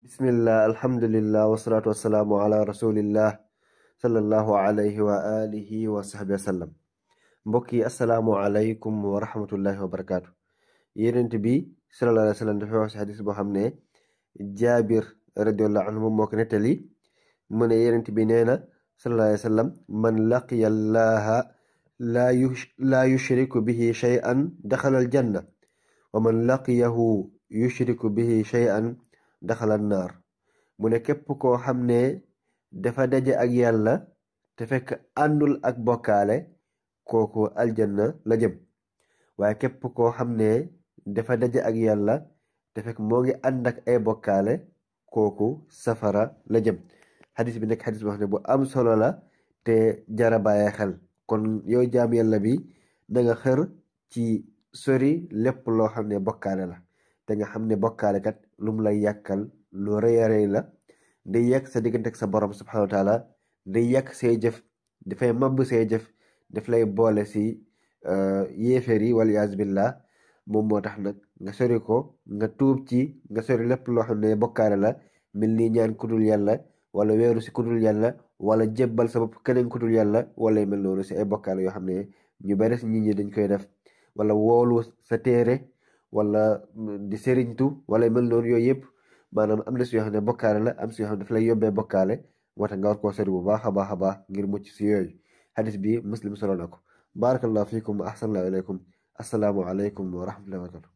bismillah alhamdulillah wasalaatu wasalaamu ala rasulillah sallallahu alayhi wa alihi wa sahbi wasallam mbokk yi asalaamu aleykum wa rahmatullahi wa barakaatu yenent bi sallallahu alayhi wa sallam dafa wax si xadis boo xam ne jaabir radiallahu anhu moom moo ko nettali mu ne yenent bi nee na sallallahu alayhi wa sallam man laqiya allaha laa yu laa yushriku bihi shay'an daxala aljanna wa man laqiyahu yushriku bihi shay'an daxalal naar mu ne képp koo xam ne dafa daje ak yàlla te fekk àndul ak bokkaale kooku aljanna la jëm waaye képp koo xam ne dafa daje ak yàlla te fekk moo ngi ay bokkaale kooku safara la jëm xadis bi nekk xadis boo xam ne bu am solo la te jara bàyyi xel kon yow jaam yàlla bi da nga xër ci sori lépp loo xam ne bokkaale la te nga xam ne bokkaale kat lu lay yàkkal lu rëy a la day yàq sa diggante ak sa borom subhanahu wa taala day yàq say jëf dafay màbb say jëf daf lay boole si euh, yéeféer yi wala yaas billah moom moo tax na nga sori ko nga tuub ci nga sori lépp loo xam ne bokkaale la mel ni ñaan kudul yàlla wala weeru si kudul yàlla wala jébbal sa bopp keneen kudul yàlla wala mel noonu si ay bokkaale yoo xam ne ñu bari si nit dañ koy def wala woolu sa téere wala mm, di sëriñtu wala mel noonu yooyu yëpp maanaam am na si yoo xam ne bokkaale la am si yoo xam daf lay yóbbee bokkaale moo tax nga bu ba a baax a baax ngir mucc si yooyu xadis bi muslim solo na ko barakallahu fiikum wa ahsanallahu ilaykum assalaamu alaykum wa rahmatullahi wa barakatuh